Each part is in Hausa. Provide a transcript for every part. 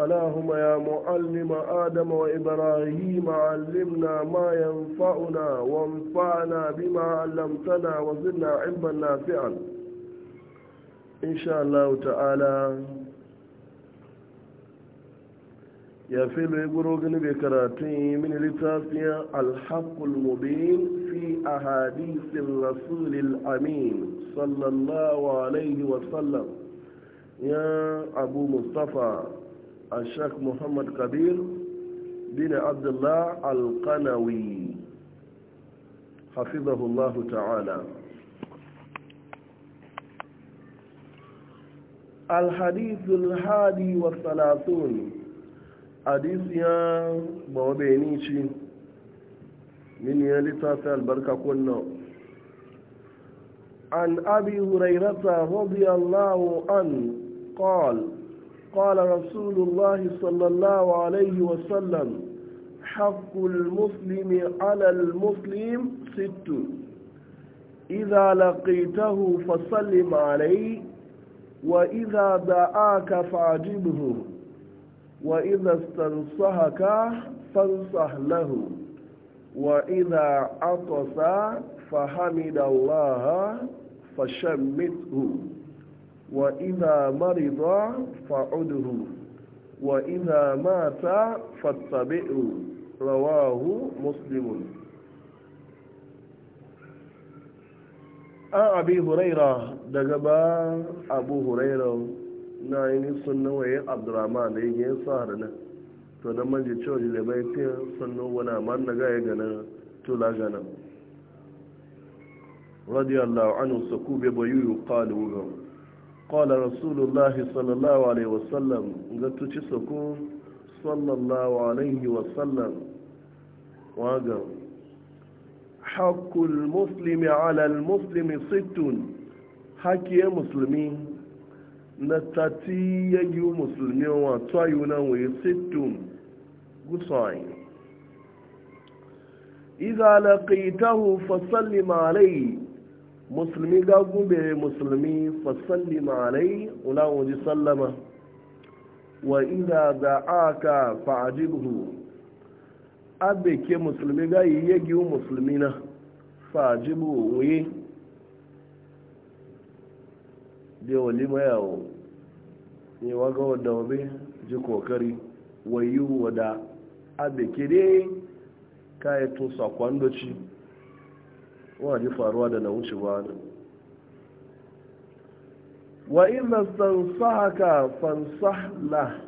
اللهم يا معلم آدم وإبراهيم علمنا ما ينفعنا وانفعنا بما علمتنا وزدنا علما نافعا إن شاء الله تعالى يا فيلو يقولون بكراتين من لتافيا الحق المبين في أحاديث الرسول الأمين صلى الله عليه وسلم يا أبو مصطفى الشيخ محمد كبير بن عبد الله القنوي حفظه الله تعالى الحديث الحادي والثلاثون حديث يا بابينيشي من يلتاف البركة كنا عن أبي هريرة رضي الله عنه قال قال رسول الله صلى الله عليه وسلم حق المسلم على المسلم ست إذا لقيته فسلم عليه وإذا دعاك فعجبه وإذا استنصحك فانصح له وإذا عطس فحمد الله فشمته وإذا مرض فعده وإذا مات فاتبعه رواه مسلم عن Abubu هريرة na أبو هريرة نايني سنوة عبد الرحمن يجي سهرنا to na manje cewa jilibai fiye sannan wani amma na gaya gana tula gana radiyallahu anhu saku bayu yi kalu gama qala rasulullahi sallallahu alaihi wasallam ga tuci soko sallallahu alaihi wasallam waga haqqul muslimi ala al muslimi sittun musulmi na tati yagi musulmi wa twayu na waye sittun gusai idza musulmi ga gube musulmi fasalli ma'anai ulawun ji sallama wa inda da aka fa'ajibuhu abe ke musulmi ga yi yagi musulmi na fa'ajibu wuye da wali mayawo ne waga wadda wabe ji kokari wayi wada abe ke dai kayan tun sakon wani faruwa da na wuce ba ne wa ina sansahaka fansahla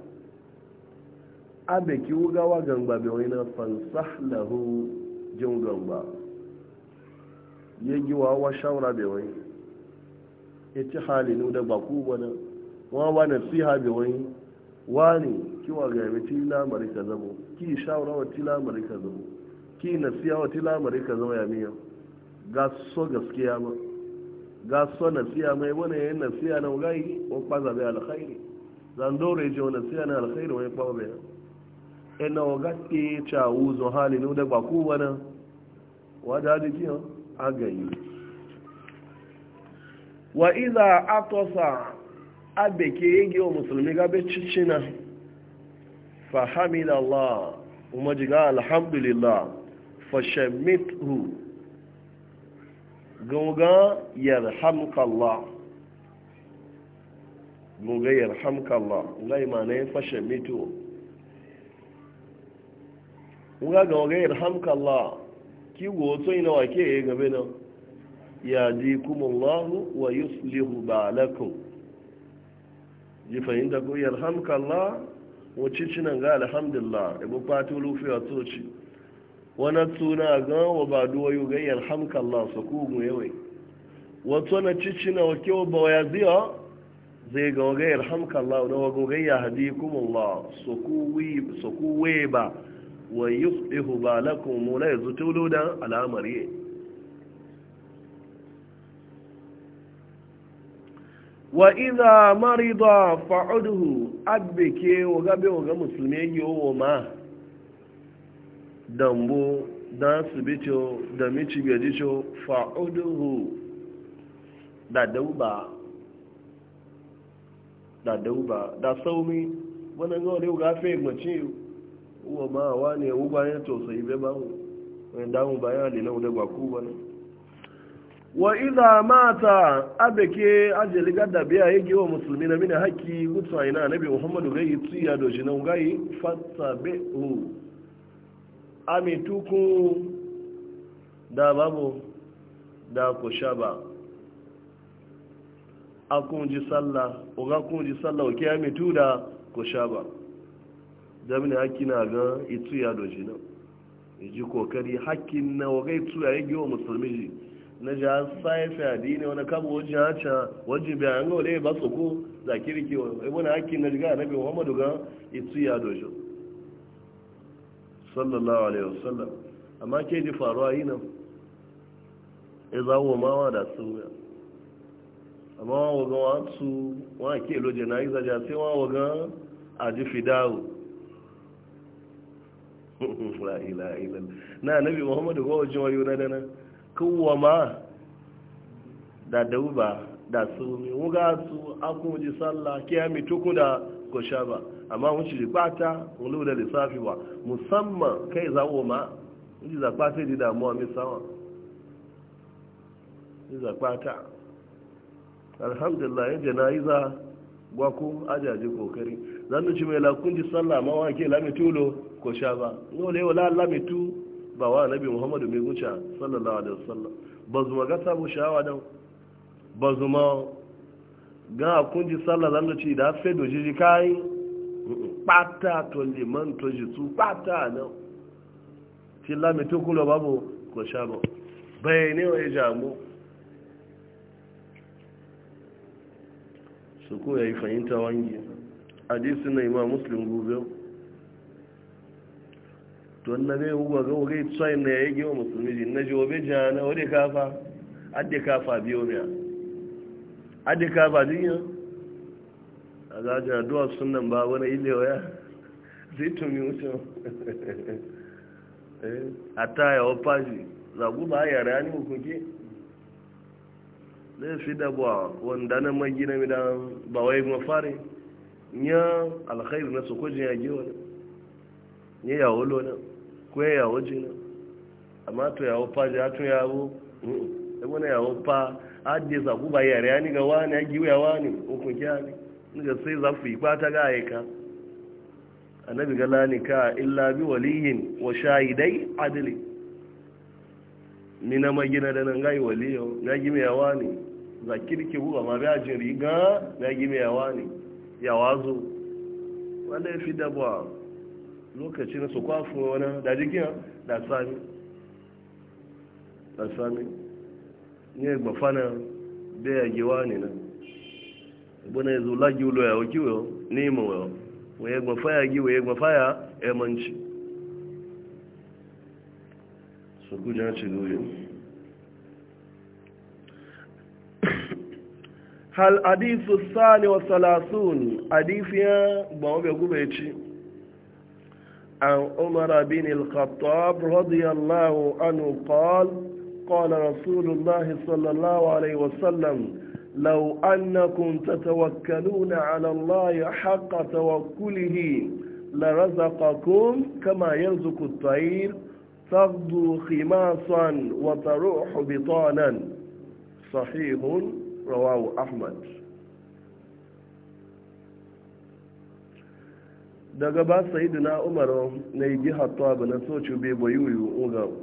abe ki wugawa gangba bai wani na fansahlahu jin gangba ya gi wa wa shawara bai wani ya ci halinu da baku wani wa wa nasiha bai wani wani kiwa ga yabi ti lamari ka zamo ki shawara wa ti lamari ka zamo ki nasiha wa ti lamari ka zama ya miyan ga so gaskiya ba ga so nasiya mai wani yayin nasiya na wugayi ko kwaza bai alkhairi zan dore je wani nasiya na alkhairi wani kwa bai ina e waga ke cha uzo hali ne da baku wani wada da a gayi wa idza atosa ke yi o musulmi ga be cicina allah, umar jiga alhamdulillah fashammithu gunga yarhamkallah gunga yarhamkallah nga imanai fashe mito nga gunga yarhamkallah ki goto ina ke ya gabe nan ya ji kumallahu wa yuslihu balakum ji fahimta ko yarhamkallah wacce cinan ga alhamdulillah ibu fatu lufi a tsoci wani tuna ga wa ba duwa yi ga yarhamka Allah su ku mu yawai wato na cici na wake wa ba ya ziya zai ga waga yarhamka Allah na waga ga ya hadi kuma Allah su ku ba wa ihu ba lakum mu la yazutulu da al'amari wa idha marida fa'uduhu abike waga be waga musulmi yi ma dambo da su bicho da mici gajicho fa'uduhu da dauba da dauba da saumi wani gawar ga gafe mace uwa ma wa ne ugba ya tosai bai ba mu wani damu bayan alilan da gwaku ba ne wa iza mata abeke ajeli gada biya yake wa musulmi na mini haki mutu aina nabi muhammadu gai tsiya doshi na ngai fata be'u amitukun da babu da ku sha ba a kunji sallah uga kunji sallah oke amitu da ku shaba ba damini haki na ga itu ya doji nan ji kokari hakin na waga itu ya yi wa musulmi ji na ji an saifi adini wani kama wajen haca wajen bayan ga wale ba su ko za kirki wani hakin na jiga na bi muhammadu ga itu ya doji sallallahu alaihi wasallam amma ke ji faruwa yi nan ya zawo mawa da su ya amma wa ga wasu wa ke lo janaiza ja sai wa waga a ji fidawo la na nabi muhammadu ko jiwa yi na dana kowa ma da dauba da su mi wuga su akwai ji sallah kiyami tuku da ko sha ba amma mun shi bata mun lura lissafi ba musamman kai zaɓo ma mun ji sai di damuwa mai sama ji zaɓa ta alhamdulillah yadda na yi za gwako ajaji kokari zan ci mai ji sallah ma wa ke lamitulo ko sha ba yau yau la lamitu ba wa nabi muhammadu mai guca sallallahu alaihi wasallam ba zuma ga sabu shawa don ba zuma Gan akun ji sallah zan da ci da fe do jiji kai pata to liman to jitu pata na ti la mi to kulo babu ko shabo bayne o ejamu su ko yayi fahimta wangi hadisi na imam muslim gobe to na ga ugo ga ugo tsayin na yayi ga musulmi na jobe jana ode kafa adde kafa biyo miya ka ba jiya azaja du'a sunnan ba wani ilewa ya zai mi uto eh taya wa fashi zagu ya rani hukunke le fi da wanda na magina mi da ba wai mafari ya alkhairu na su kujin jiwa ne ya yawo na ko ya yawo amma to opaji fashi ya tun wani yawo fa adde sa ku ba yare ya ni ga wani ya wuya wani hukun kya ne ni ga sai za ku yi kwata ga aika annabi ga lani ka illa bi waliyin wa shahidai adili ni na magina da nan gai waliyo na gime yawa ne za kirki huwa ma bi ajin riga na gime yawa ne yawa zo wanda ya fi dabuwa lokacin su kwafu wani da jikin da sami da sami nye gbafana be ya giwa na bana yazo ya oki wo ni mo wo wo ye gbafa ya gi wo ye gbafa ya e ci goyo hal hadithu sani wa salasun قال رسول الله صلى الله عليه وسلم لو أنكم تتوكلون على الله حق توكله لرزقكم كما يرزق الطير تغدو خماصا وتروح بطانا صحيح رواه أحمد daga سيدنا عمر umaru na نسوش jihar tawa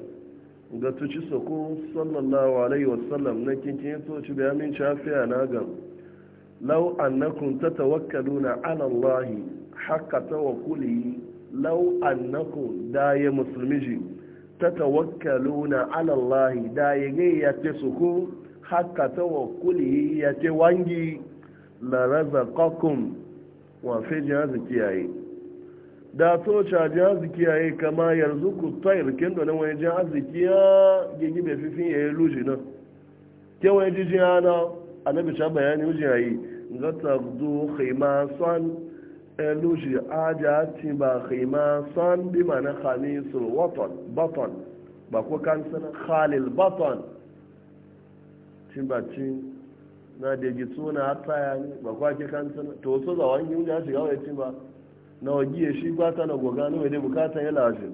ga tuci soko sallallahu alaihi wasallam na kinkin toci da yamin shafiya na gam lau annakum tatawakkaluna ala Allah haqqa tawakkuli lau annakum da ya musulmiji tatawakkaluna ala Allah da ya ga ya ce soko haqqa tawakkuli ya ce wangi la razaqakum wa fi kiyaye. da to caji arziki ya yi kama yanzu ku tayar kin da wani jin arziki ya gigi mai fifin ya yi luji nan ke wani ya na annabi ta bayani luji ya yi ga tabdu khima san e luji aja ti ba khima san bi mana khamisul watan baton ba ko kan sana khalil baton tin ba tin na da ji suna ya ne ba kwa ake kan sana to so zawan yin ya shiga wai tin ba na wajiye shi gwata na goga ne da ya lashe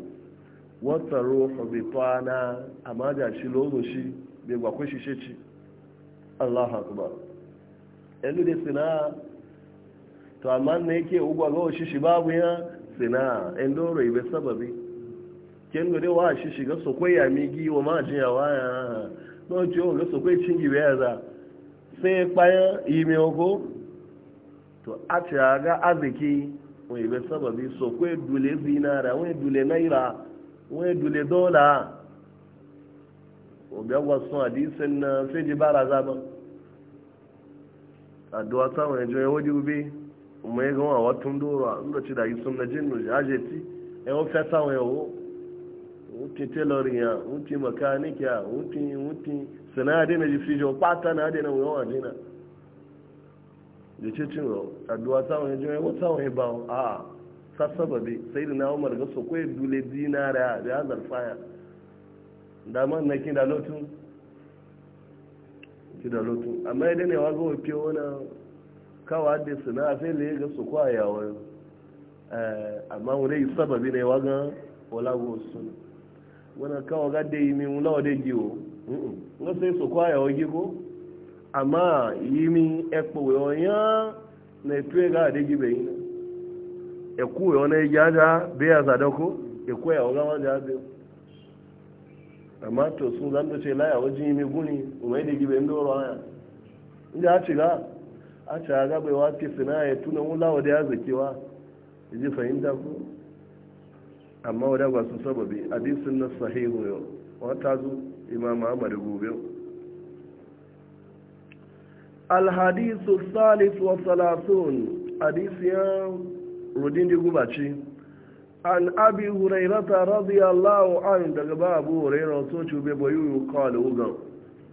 wata ruhu bi tana amma da shi lozo shi bai gwakwa shi shi ci Allah akbar elu da sina to amma ne yake ugwa ga shi shi babu ya sina en doro ibe sababi ken gode wa shi shiga sokoi ya migi wa ma jiya wa ya no ji o ga sokoi cingi be ya za sai payan imi ogo to a ga aziki wani be wọn so kwe dule zinara wani dule naira wani dule dola obiya wasu hadisin na sai ji bara zaba addu'a ta wani jo ya waje ń kuma ya gama watan dora inda ci da yi sun na ẹwọ nuji ajeti ya wani fata wani yawo wuti tailorin ya wuti wọn ti wọn ti sinadina ji fijo pata na adina wani yawa jina da ce cin rau addu'a samun yajin yawon samun ya bawon a sassaba bai sai da na umar ga so ya dule dinara da ya zarfaya dama na ki da lotun ki da lotun amma ya dane wa gawa fiye wani kawa da suna a sai laye ga so kwa yawon eh, amma wani sababi na wa ga wala go wani kawa ga da yi min wula wa da giwo nga sai so kwa yawon gigo amma yi mi ekpo yoyan na etu ga adigi na eku yo na ija da be ya sadako eku ya oga wanda be amma to sun zan ce la ya waji mi guni umai digi be ndo ro aya inda a ciga a ciga ga bai wati sina ya tuna wula wa da ya zakewa ji fahimta ku? amma wadda ba su sababi hadisin na sahihu yau wata zo imam ahmad gobe alhadisu salis wa salasun hadisiyan rudindi gubaci an abi hurairata radiyallahu an daga babu hurairar soci be bayu kawai ugan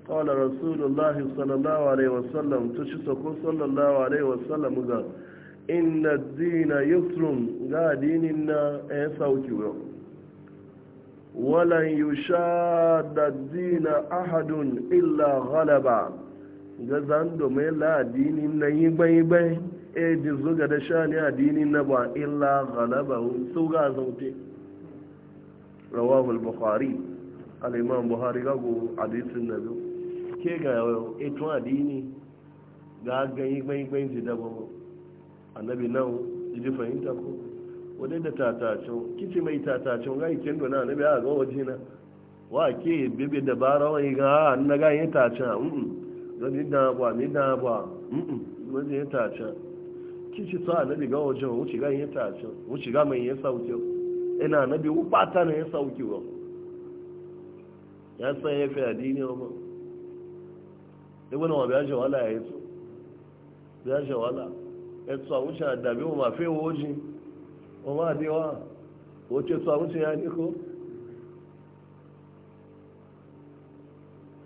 kawai rasulullahi sallallahu alaihi wasallam ta ci sako sallallahu alaihi wasallam ugan inna dina yusrun ga dinin na ya sauki wa walan yusha da dina ahadun illa ghalaba ga zando mai la na yi bai e di zuga da sha ne adini na ba illa galaba su ga zaute rawahul bukhari al-imam buhari ga go hadisin nabi ke ga e tun adini ga ga yi bai bai ji da ba annabi nan ji fahimta ko wadai da tatacin kici mai tatacin ga ikin dona annabi a ga wajina wa ke bibi dabara wai ga annaga yin tatacin ga mi dabuwa mi dabuwa wajen ya tace kici sa na biga wajen wuce ga ya tace wuce ga mai sauke ina na bi wupata na ya sauke wa ya san ya fi adini wa ma ibn wa biya jawala ya yi biya jawala ya tsa wuce wa mafi wojin wa ma tsa wuce ya ni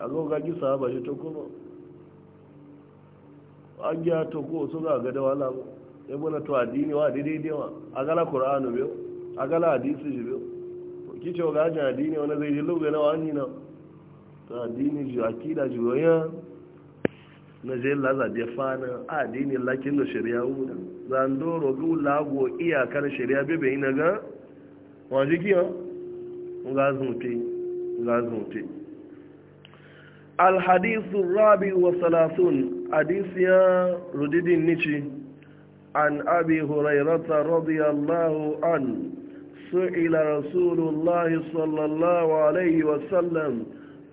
agoga gi sahaba shi to kuma an ya to ko so ga ga da wala mu e bona to addini wa dai wa agala qur'anu biyo agala hadisi ji biyo ki ce ga jan addini wani zai ji lugu na wani na to addini ji akida ji waya na je la za de fana addini lakin da shari'a wuna zandoro gu iya iyakar shari'a bebe ina ga wa jikiya الحديث الرابع والثلاثون حديث يا رديد النشي عن أبي هريرة رضي الله عنه سئل رسول الله صلى الله عليه وسلم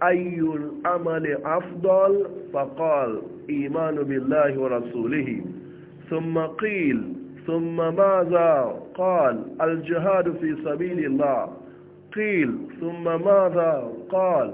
أي الأمل أفضل فقال إيمان بالله ورسوله ثم قيل ثم ماذا قال الجهاد في سبيل الله قيل ثم ماذا قال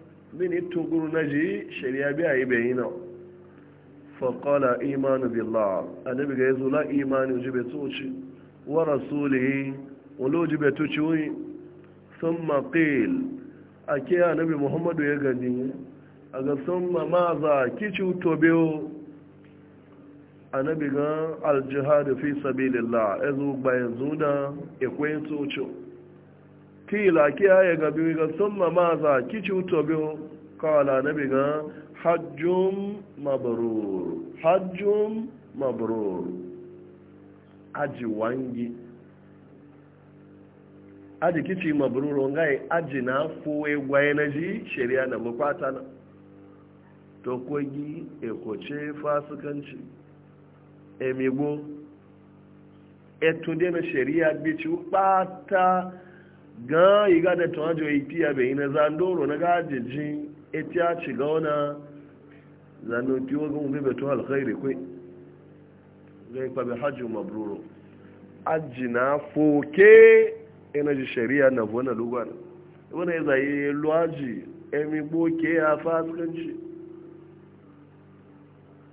mini tuguru na ji shari'a biya yi bayi na faƙala imanu billah annabi ga yazo la imanu ji bai tsoci wa rasulihi wani ji bai tuci wuyi sun maƙil a ke annabi muhammadu ya gani a ga sun ma maza kici tobe annabi ga aljihadu fi sabilillah yazo bayan zuna ikwayin tsoci kila ki haya ga bi ga sun ma za ki ci wuto biyu kawala na biga hajjum mabarur hajjum mabarur aji wangi aji kici mabaruro ngai aji na afo gwaye na ji shari'a na bukwata na to kogi ekoce fasikanci emigo etunde na shari'a bici bata ga iga da tuwajo iti ya bai na zandoro na gajejin eti ya ci ga wana zando tiwo ga umbe beto alkhairi kwe ga ikpa bi hajji mabruro aji na foke enaji shari'a na buwana lugar wani ya zaye luwaji emi boke ya fasikanci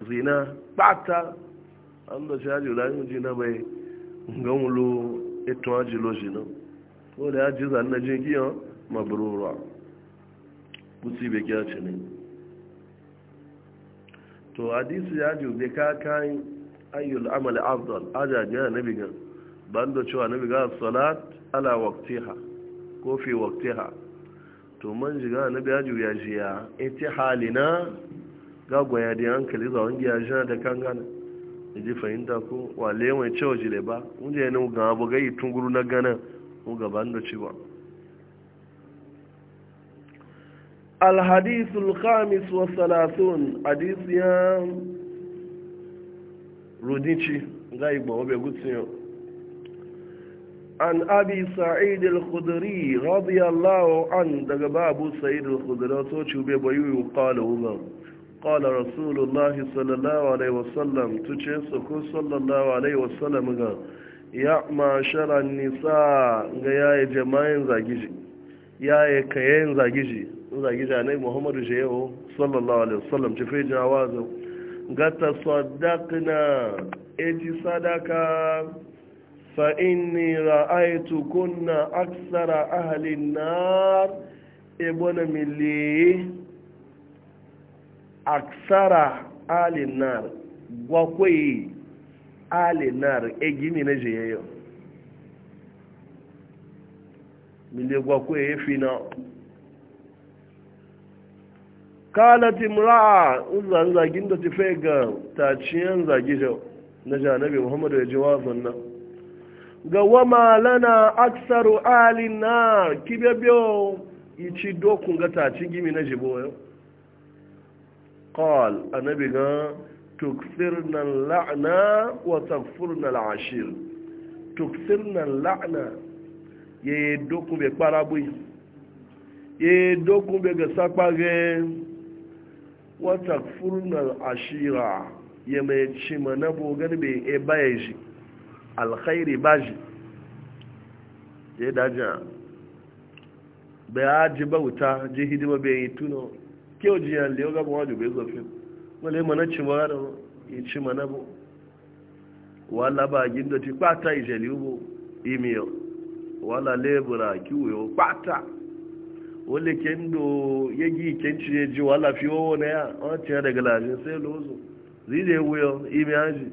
zina pata an da shi hajji layin jina bai ga mulo eto hajji lo jina ko ya ji zanna jirgiyar mabrura kusi bai kya ci ne to hadisi ya ji bai ka kayan ayyul amal afdal ajajen na bigan ban da cewa na biga salat ala waktiha ko fi waktiha to man jiga na biya ji ya ji ya ita halina gagwaya da hankali zawon na jina da kan gana ji fahimta ko wa lewan cewa jile ba wunje ne ga abu gai na ganin ko gaban da ciwa alhadisul khamis wa salatun hadisiyan rudinci ga igba wabe gutsun an abi sa'id al-khudri radiyallahu an daga babu sa'id al-khudri to ci be bayu qala umar qala rasulullah sallallahu alaihi wasallam tuce su ko sallallahu alaihi wasallam ga ya mashara nisa ga yaya jama'in zagiji yaya kayan zagiji zagiji a nai muhammadu shehu sallallahu alaihi wasallam ci fejin awazin gata sadakna eji sadaka fa inni ra'aitu kunna aksara ahalin nar ebona mili aksara ahalin na gwakwai alinar egimi na jiyayen miligwa ko ya fi na kalati mura'a uzan zagin da ta fai ga taciyan zagi jau na ji janabi muhammadu ya ji wazon na. ga wama lana aksaru alinar kibebeo ichi dokun ga taci gimi na jibo yau قال النبي قال tukfirna la'ana wa takfurna al'ashir tukfirna la'ana ye dokun be parabui ye dokun be gasa page wa takfurna al'ashira ye mai cima na bogan be e baye shi alkhairi baji ye daja be aji bauta ji hidima be yi tuno kyau jiyan liyo gaba wajen bai zofin wale mana cimara ya ci mana bu wala ba gindo ti pata ijeli ubo imiyo wala lebura kiwo pata wale kendo yegi kenci ya ji wala fi wowo na ya on tiya daga lajin sai lozo zide wuyo imi aji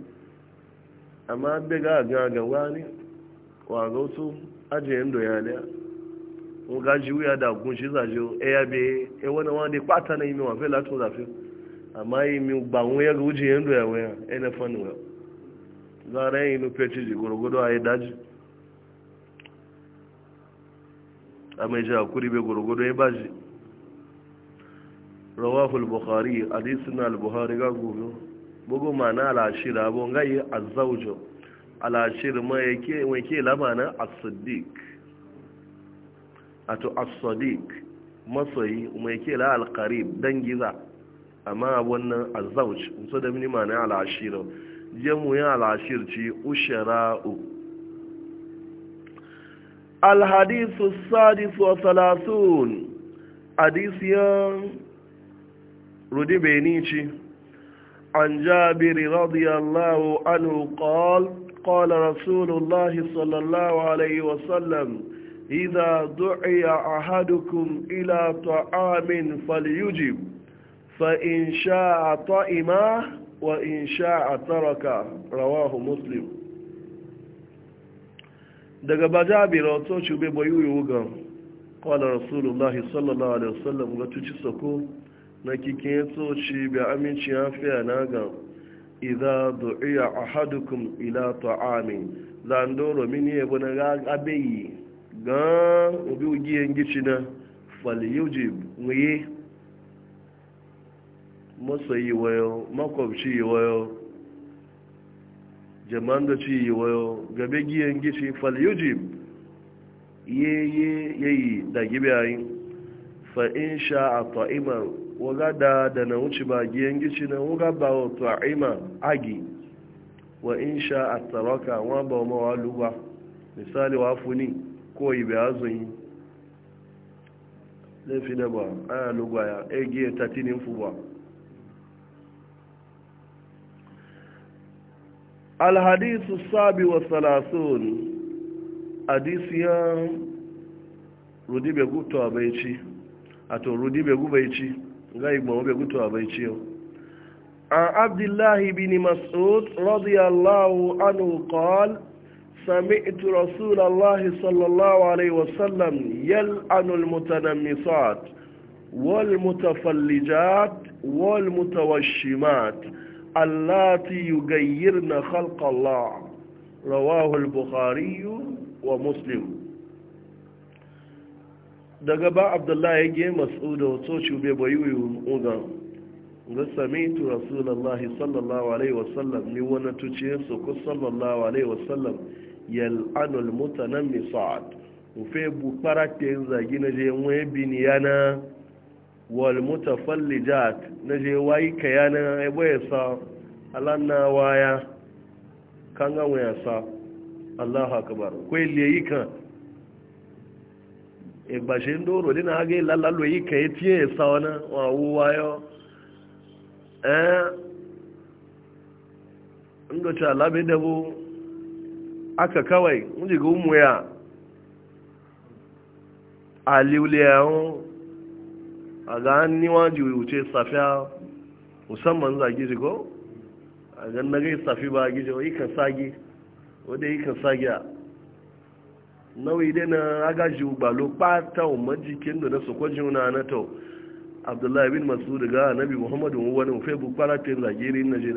amma daga gaga wa ga wasu ajiyen doyaliya wọ́n ga dàgún ẹ̀yà náà wọ́n pátá náà wọ́n fẹ́ amma yi mi ba wọn ya ga wujin yadda ya waya ina fani Za zara yin inu feci ji gwargwado a yi daji a mai ja kuri bai gwargwado ya ba ji rawahul bukhari hadisin al-bukhari ga gobe bugu ma na alashir abu ga yi azaujo alashir ma yake mai ke labanin as-siddiq ato as-sadiq ma ya ke la al-qarib dangi za amma wannan azauj so da mini ma'ana al'ashira jamu ya al'ashir ci ushara'u alhadisu sadis wa salasun hadisiyan rudi benici an jabiri radiyallahu anhu qal قال رسول الله صلى idan عليه وسلم إذا دعي أحدكم إلى فإن شاء طئم وإن شاء ترك رواه مسلم daga ba jabir wato cube bayu yuga kwallon rasulullahi sallallahu alaihi wasallam ga tuci sako na kikin tsoci bi aminci ya fiya na ga idha du'iya ahadukum ila ta'amin zandoro mini yabo na ga abeyi ga ubi ugiyen gici na falyujib muye yi wayo makwabci yi wayo jaman da ci yi wayo gabe giyan gici falyujib ye ye yayi da fa in sha a ta'imar waga da da na wuce ba giyan gichi na waga ba wa ta'ima agi wa in sha a taraka wa ba wa mawalu ba misali wa funi ko yi bai azun yi laifin da ba ana lugwaya egiyar tatinin fuba alhadisu sabi wa salasun hadisiyan rudibe guto abaici ato rudibe gubaici ga igbawo be abaici yau an abdullahi bin mas'ud radiyallahu anhu qal سمعت رسول الله صلى الله عليه وسلم يلعن المتنمصات والمتفلجات والمتوشمات allati yughayyirna khalqa Allah rawahu al-bukhari wa muslim daga ba abdullahi yake da wato shube bayu uga ga samitu rasulullahi sallallahu alaihi wasallam ni wani tuce su ku sallallahu alaihi wasallam yal'anu al-mutanammi sa'ad ufe bu parakin zagi na je wani bin yana wal mutafallijat na je wayi kayanan ebo ya sa alanna waya kan ganwa ya sa Allahu akbar ko ile yi kan e ba je ndoro dina hage lalalo yi kan tie ya sa wana wa wayo eh ndo cha labe dabo aka kawai mun je ga umuya aliuliya a ga hannu waji wuce safiya musamman za gizi ko a gan na gai safi ba gizi wa ikan sagi wadda ikan sagi a nauyi dai na agaji gbalo ɓata wa majikin da na sokwajin wuna na ta abdullahi bin masu daga nabi muhammadu wani mafi bukwara ta zagiri na je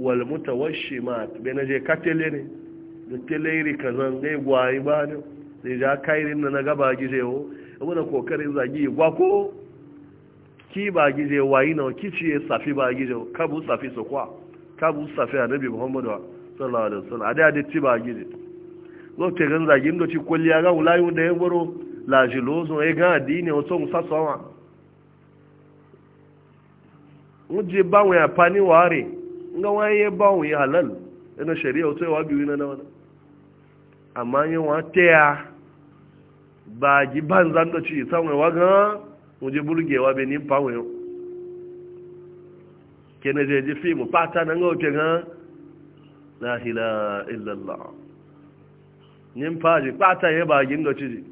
walmuta washe mutawashi ma bai na je tele ne da ka kazan gai gwayi ba ne zai ja kairin na na gaba gizewo abu da kokarin zagi gwako ki ba gije wayi na kici ya safi ba gije kabu safi su kwa kabu safi a nabi muhammadu sallallahu alaihi wasallam a da da ci ba gije lokacin gan zagin da ci kulliya ga wulayu da ya baro lajilozo ya ga adini wato musasawa wuje ba mu ya fani ware nga wani ya ba mu ya halal ina shari'a wato ya wabi wina na wani amma yin wa ya ba gi ban zan da ci samun wa ga je burgewa bai nin fawo yau kene je ji fimu pata na ga wuce gan la ila illallah nin faji fata ya ba ginga ciji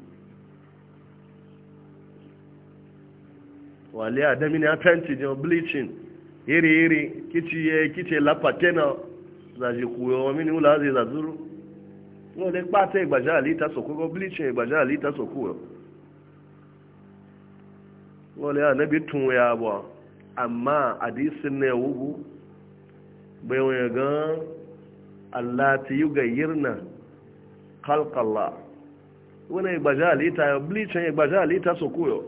wale adami ne a fenti ne bleaching iri iri kici ye kici lapatena zaji kuyo wa mini ula zai zazuru wale pata igbaja e alita sokogo bleaching igbaja e alita sokogo wale annabi tun ya ba amma hadisin ne wugu bai wani gan Allah ta yi gayyirna kalkalla wani gbaja halitta ya blicin ya gbaja halitta su koyo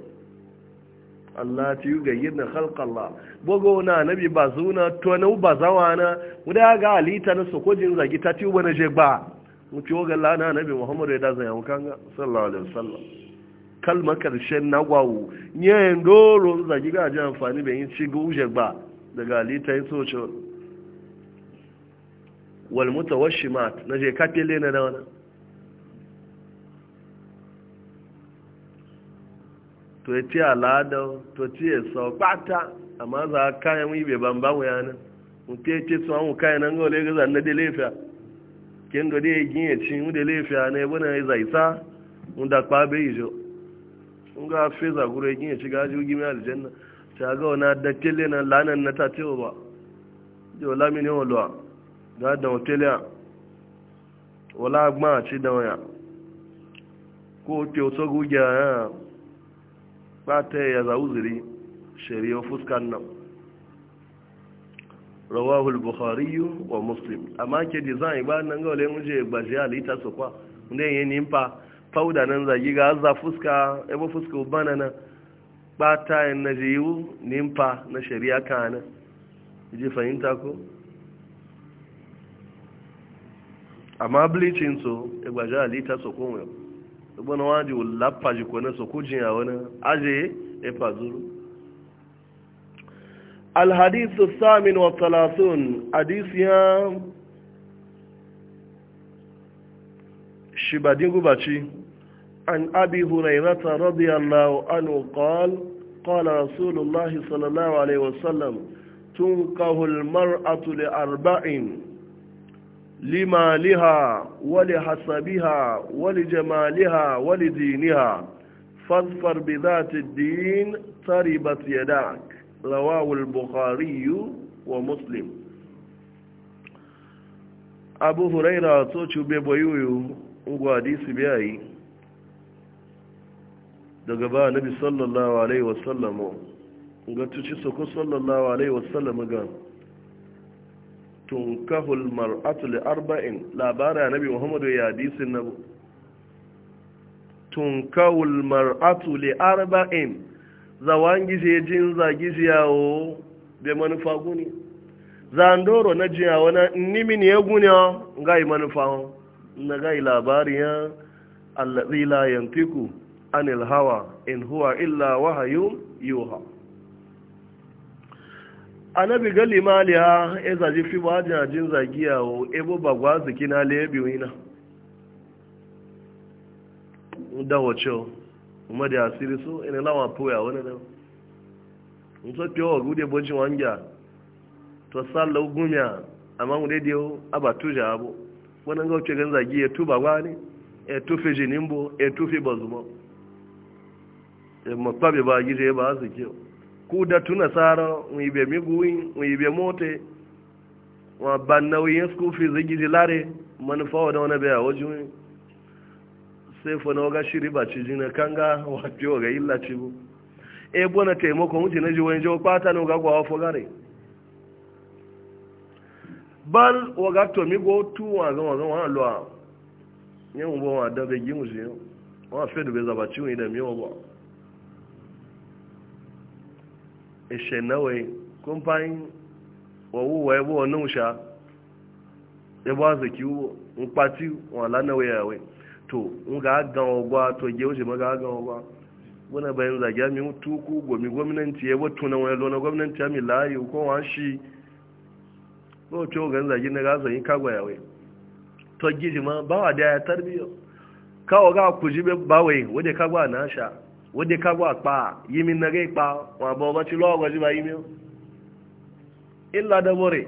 Allah ta yi gayyirna kalkalla bugu na annabi ba zuna tonu ba zawana ya ga halitta na sokojin zagi ta ci na je ba mutuwa ga lana annabi muhammadu ya da zayen kanga sallallahu alaihi wasallam kalmar karshen na gwawo yin doro zagi ga ji amfani da yin ci guje ba daga halitta yin soce walmuta mat na je katile na da wani to ya ci alada to ti esau sau a amma za a kayan yi bai ban bamu yanar mutu ya ce tsohon hau kayan nan gaule gaza na da laifiya kin da ya cin mu da laifiya na ya buna ya zaisa mu da kwa bai yi jo ga feza gure yakin ya shiga ji gimi aljanna ta ga wani da na lanar na ta tewa ba ji wala mini waluwa ga da tele wala ma ci da waya ko te so a ya ba ta ya za uzuri shari'a fuskan nan rawahul buhari bukhari wa muslim amma ke design ba nan ga wala mun je gbaje alita so kwa ne yi nimfa. fauda nan zagi ga za fuska ebo fuska bana na bata yin na jiyu nimfa na shari'a kana ji fahimta ko amma bleaching so egbaja alita so kun yau ebo na waji lappa ji kone so kujin ya wani aje efa zuru الحديث الثامن والثلاثون حديث يا شبادين غباشي عن أبي هريرة رضي الله عنه قال قال رسول الله صلى الله عليه وسلم تنقه المرأة لأربع لمالها ولحسبها ولجمالها ولدينها فاظفر بذات الدين تربت يداك رواه البخاري ومسلم أبو هريرة توتشو بيبويو وغادي سبيعي daga ba nabi sallallahu alaihi wasallam ga tuci sako sallallahu alaihi wasallam ga tunkahul mar'atu li arba'in labara nabi muhammadu ya hadisin na tunkahul mar'atu li arba'in zawan je jin zagi ziyawo da manufa guni zandoro na jiya wani nimin ya guni ga yi manufa na ga yi labari ya allazi la yantiku anil hawa in huwa illa wahayun yuha anabi gali maliya e zaji fi ba jin zagiya o ebo bagwa zikina lebi wina da wacho kuma da asiri so ina lawa poya wani da nso ke o gude bojin wanga to sallo gumya amma mu dai abatuja abu wannan ga ce gan zagiya tuba wani e tufe jinimbo e fi bazuma mafabe ba gije ba su ke ku da tuna tsara wibe miguwi wibe mote wa ban nauyin school fees gije lare manufa wa da wani baya wajen sai fa na ga shiri ba ci jina kanga wa fi wa ga illa ci bu e bona taimako mutu na ji wani jawo kwata na ga gwawa fo gare bal wa ga to mi go tu wa ga wa ga wa lo ne mu bo wa da be gimu je wa fe do be zaba ci da mi wa ba ishe nawai kun fayin wawu wa yabo wannan usha yabo azaki wo nkpati wala nawai yawai to nga gan ogwa to je wuce maga gan ogwa wani bayan zage mi tuku gomi gwamnati yabo tuna ko ko na zan wa wode kagwa kpa yimi nage kpa wa bo ba ti lo go ba yimi illa da bore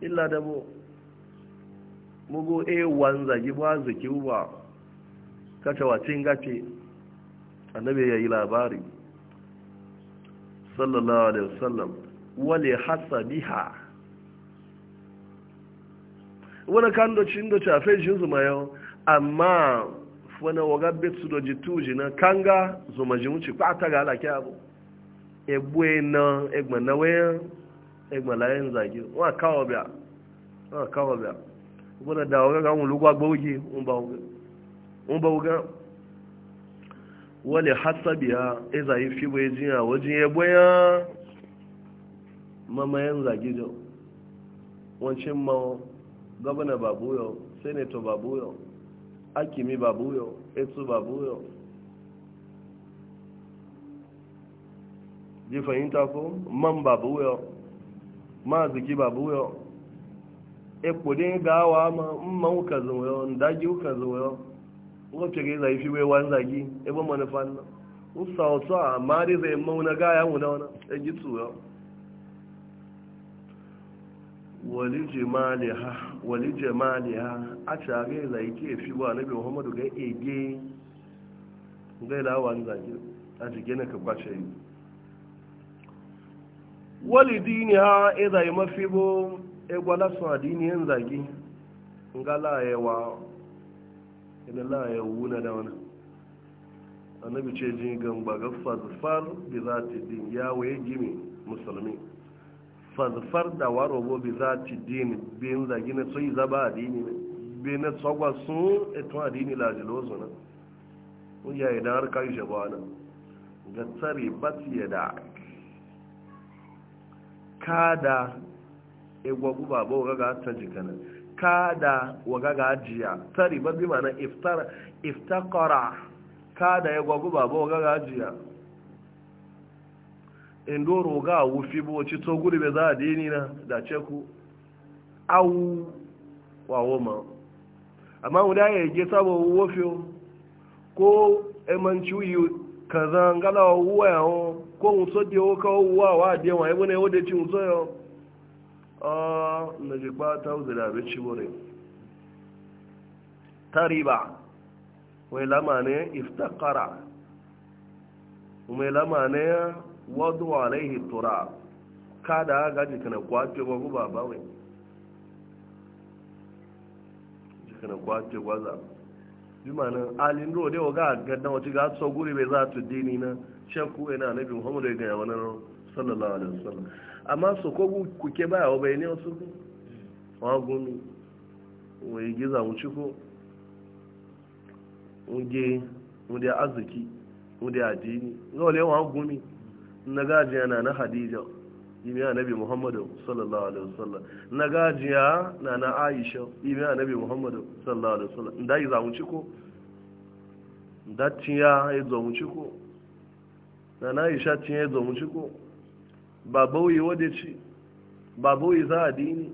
illa da bo mugo e wanza ba zaki uba kata wa tinga ce annabi ya yi labari sallallahu alaihi wasallam wale hasabiha wani dọ̀tí ń dọ̀tí cafe shi zuma yau amma fana waga betsu do jituji na kanga zuma ji wuce kwa ta ga alaki abu egbe na egbe na wayan egbe la yan zage wa kawo biya wa kawo biya ubana da waga ga mu lugwa gbogi un ba waga un ba wale hasabiya e zai fi bai jiya wajin ya mama yan zage jo wancin ma gwamna babu yau senator babu yau akimi babuyo etsu babuyo ji fahimta ko man babuyo maziki babuyo ekpodin gawa ma mman ama mma ndagi ka zuwayo ngoce ga zai fi wai wan zagi ebe manufan usa usa ma dai zai mauna gaya mu da wani wali ha a cari zai ke fi wa nabi muhammadu ga ege gai lawan zage a jike na ka kwace yi wali dini ha e zai mafi bo e gwala su a dini yan zage ga layewa ina layewa wuna da wani annabi ce jin gamba ga za ta ya waye gimi musulmi fazfar da waro bobi za ci dini bin zagi na soyi zaba adini ne bi na tsogwa sun eto adini lajilo su na ya yi harkar shaba na ga tsari bati ya da kada egwagu ba waga ga ta jikana kada waga ga jiya tsari babi mana iftara iftakara kada egwagu ba waga ga jiya indoro ga wufi bo ci to guri be za dini na da ceku au wawo ma amma wuda ya ge sabo wofio ko emanci uyu kaza ngala wuwa ya o ko muso de o ka wuwa wa de wa ibo e na o ci muso yo ah na je pa ta uzira be ci bore tariba wai ne iftaqara umai lamane wadu alaihi turab kada ga jikana kwace gwagu ba bawai jikana kwace gwaza jumanin alin rode wa ga gadda wace ga so guri bai za su dini na shakku ina nabi muhammadu ya yawan nan sallallahu alaihi wasallam amma so ko kuke baya wa bai ne wasu wa wai giza mu ciko unge arziki unde adini ga wale wa gumi na gajiya na na hadija ime annabi muhammadu sallallahu alaihi wasallam na gajiya na na aisha ime annabi muhammadu sallallahu alaihi wasallam da yi zamu ciko da tiya ya zamu ciko na na aisha tiya ya zamu ciko ba bauyi wade ci ba bauyi za a dini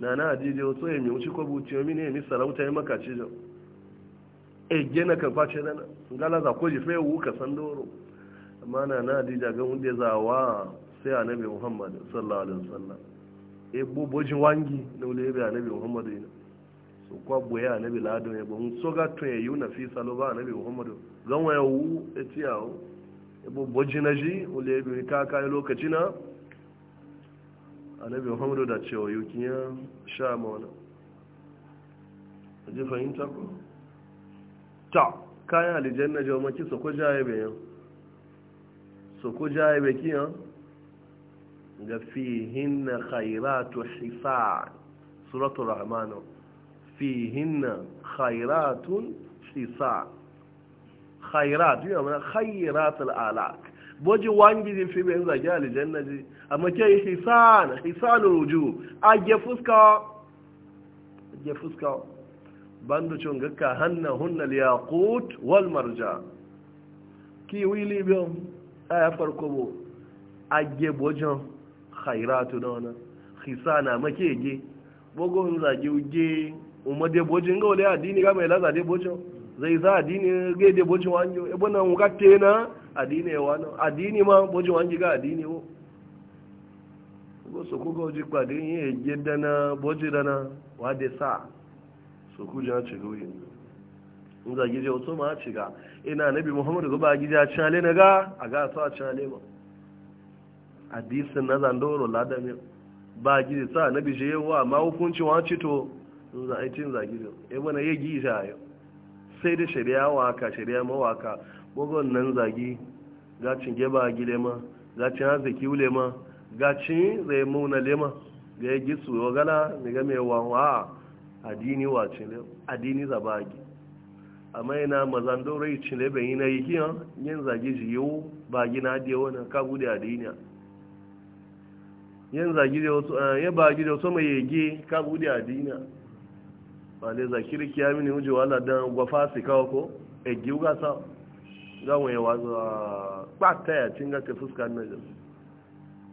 na na hadija wasu ya mi wuce kwabuci ya mini ya mi sarauta makaci jau ege na kan face nan gala za koji fe wuka ka san doro amma na na di daga wunde za wa sai annabi muhammad sallallahu alaihi wasallam e bo boji wangi na wule be annabi muhammad ina so kwa bo ya annabi ladon ya bo so ga to yayu na fi salo ba annabi muhammad gan waya wu e tiyawo e bo boji na ji wule be ka ka lokaci na annabi muhammad da cewa yukin sha mawana ji fahimta ko ta kayan alijanna jawo maki so ko jaye bai su ko jaye baki yan ga fihin na khairatu shisan suratul rahmanu fihin na khairatun shisan khairat yi amina khairat ala boji wangi zai fi bayan zage alijanna ji amma ke shisan shisanul ruju a ge fuska fuska bandu chunga ka hanna hunna liyaqut wal marja ki wili biyo aya farko bo agge bojon khairatu dona khisana makege bogo nzage uge umade bojin ga wale adini ga mai laza de bojo zai za adini ga de bojo wanjo e bona muka na adini e wano adini ma bojo wanji ga adini wo go so ko ji kwa yi ye jedana bojo dana wa de sa so ku ja ci ruyi in za gije wato ma ci ga ina nabi muhammad ga ba gije a ale na ga a ga sa ci ale ma hadisin na zandoro ladamin ba gije sa nabi je yawa ma hukunci wa ci to in za a yi cin zagi da e ya bana ya gije a yau sai da shari'a waka shari'a mawaka bugun nan zagi gacin geba a gile ma gacin hazaki wule ma gacin zai muna lema ga ya gisu wa gala mai game wa adini wa cile adini zabagi amma yana mazan dorai cile bai yi na yi kiyan yin zage ji yiwu ba gina da wani ka bude adini yin zage da wasu ya ba gida wasu mai yage ka bude adini ba ne kirki ya mini wuce wala dan gwafa su kawo ko egi wuga sa gawon yawa zuwa ah, kpata ya cin gata fuska na jam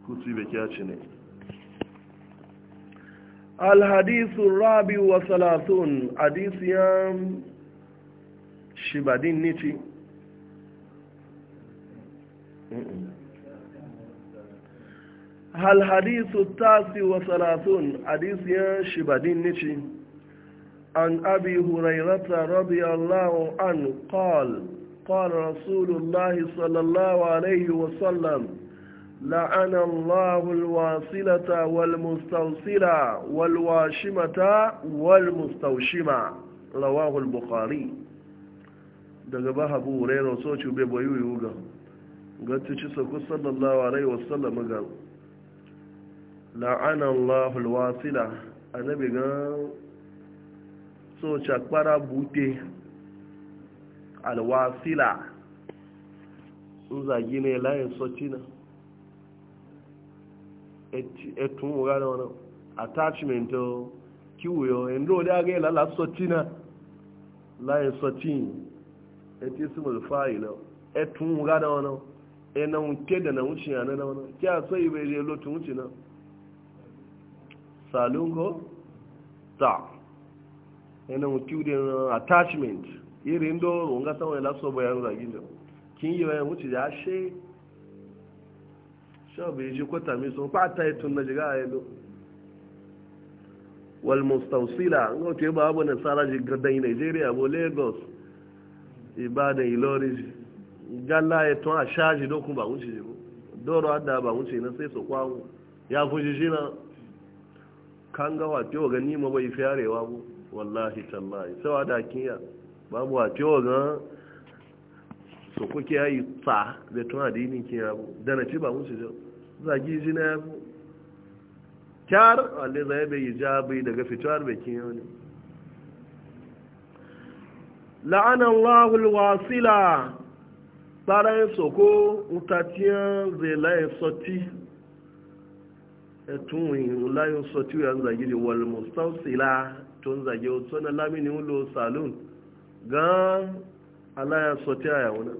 kusi bai kiya ci الحديث الرابع وثلاثون حديث يام شبادين نيتي الحديث التاسع وثلاثون حديث يام شبادين نيتي عن أبي هريرة رضي الله عنه قال قال رسول الله صلى الله عليه وسلم لعن الله الواصلة والمستوصلة والواشمة والمستوشمة رواه البخاري daga ba habu wurairu so cube bayu yiwu ga gatti ci sako sallallahu alaihi wasallam ga la'ana allahu alwasila annabi so chakpara bute alwasila zagi ne layin sotina etun wuga na wani attachment kiwuyo ndo da ga ila la sotina la ya sotin etisimul fa'ila etun wuga na ọ, ena unke na wuce na wani kya so yi bai je lotun na salungo ta ena unke da attachment irin do wunga sanwa ila shabu ya ji kwata mai sun fata yi tun na jiga a yalo wal mustausila an gauce ba abu nasara jigar da nigeria bo lagos ibadan ilori gala ya tun a shaji dokun ba wuce jibo doro hada ba wuce na sai su kwawo ya fushi shi na kan ga wace wa gani ma bai fiyarewa bu wallahi tallahi sai da kiya babu wace wa gan su kuke yi tsa da tun adini kiya bu da na ci ba wuce jibo zagi ji na yabu kyar wale zai bai hijabi daga fitowar bakin yau ne la'anan lahul wasila tsarin soko mutatiyan zai layin soti ẹ̀tún ìrìn láyé sọ tí ó zàgé di wọlé tó ń zàgé ó tọ́nà lámìnì ń gan-an aláyà sọ tí àyàwó náà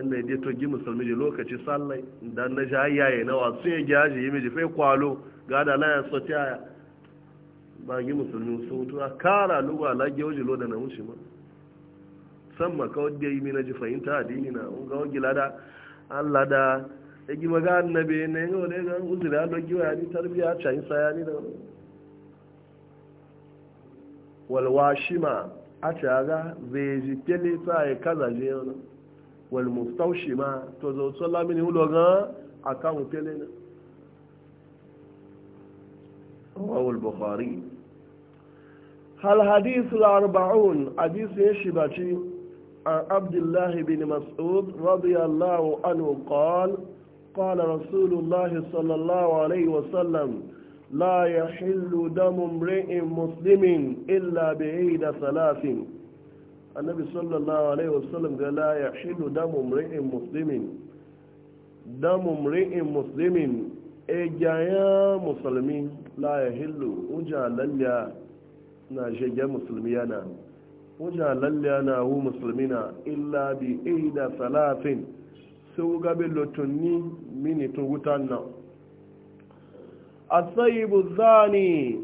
inda ya to gi musulmi da lokaci sallai da na ji hayyaye na wasu ya gya ji yi fai kwalo ga da laya ta yaya ba gi musulmi su mutu a kara luwa la gya wuji lo da na wuce ma san ma kawai da yi mi na ji fahimta dini na un ga wagi lada an lada ya gi maga annabi na yi ne, ga uzuri an dogi wa yani tarbiya cayin sa yani da walwashima a ga zai ji kele sa ya kaza je wal mustawshima to zo so lamini hulo ga akan tele na rawahu bukhari hal hadith al 40 hadith shi baci an abdullah bin mas'ud radiyallahu anhu qala قال رسول الله صلى الله عليه وسلم لا يحل دم امرئ مسلم إلا بعيد ثلاث annabi sallallahu alaihi wasallam ga la ya shilu damu mri'in muslimin damu mri'in muslimin e gaya musulmi la ya hillu uja lalya na shige musulmi yana uja lalya na hu musulmi na illa bi ida salafin su gabe lotunni mini tungutan nan asayibu zani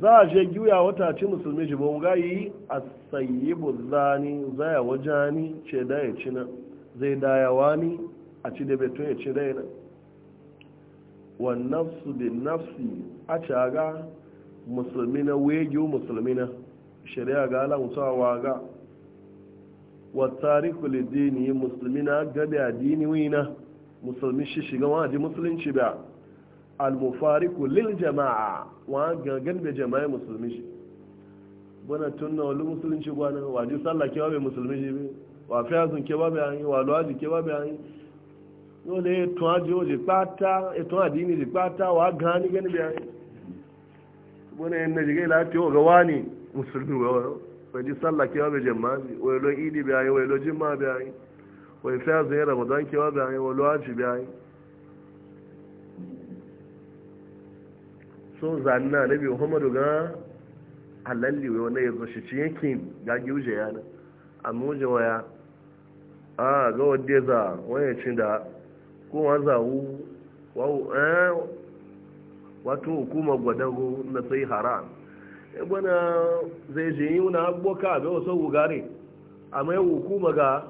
za a je giya wata ci musulmi ji bon gayi a sayi buzani zaya ni ce da ya na, zai daya wani a ci da beton ya ci da yana wa nafsu bi nafsi a caga musulmi na wege musulmi na shari'a ga ala musawa ga wa tariku lidini musulmi na gada dini wina musulmi shi shiga wani musulunci ba almufariku lil jama'a wa gangan da jama'a musulmi shi bana tunna wani musulunci gwana waje sallah kewa bai musulmi shi wa fiyazun kewa bai hanyi wa luwaji kewa bai hanyi lóòlẹ̀ ètò àjò lè pátá ètò àdínì lè pátá wà gan ní gẹ́nìbí ayé gbọ́nà ẹni jẹ́gẹ́ láti ọ̀gá wá ní musulmi wọ́wọ́ pẹ̀lú sálà kí wọ́n bẹ̀ jẹ máa bí wọ́n lọ ìdí bí ayé wọ́n lọ bai máa bí ayé wọ́n fẹ́ àzẹ́yẹ ramadan kí wọ́n bẹ̀ ayé wọ́n lọ àjì bí so zanna biyu muhammadu ga halalli wa wani ya zo shi ci yankin ga giwuje ya nan amma wuje waya a ga wadda za wani ci da kuma za wu eh, wato hukumar gwadago na sai haram gwana zai je yi wani abubuwa ga wasu wugare a mai hukuma ga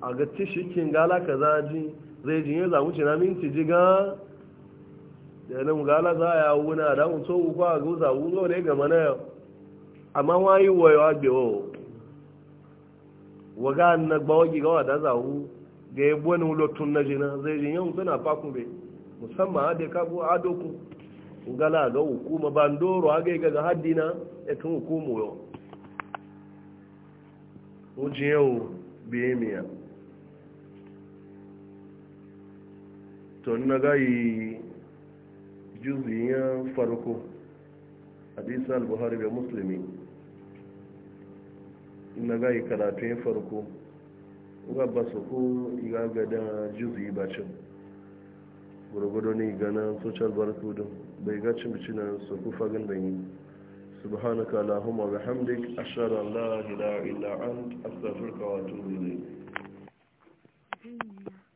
a ga ci zaiji gala ka zaji zai je yi na minti ji ga da nan gala za a yawo na da mun so ku ga gusa ku zo ne ga mana yau amma wayi wayo agbe o waga na gbawo gi ga da za hu ga yebo ne lotun na jina zai jin yau suna fakun be musamman ade ka bu ado ku gala ga hukuma bandoro aga ga ga haddina e tun hukumu yo ujin yau biyemiya to na gayi juziyan farko hadisa al-buhari da musulmi na gayi karatun farko gaba su ku iga gada juzi bacin gurgudu ne gana social barku don bai ga cin cina su ku fagin bayi subhanaka allahumma bihamdik ashhadu an la ilaha illa ant wa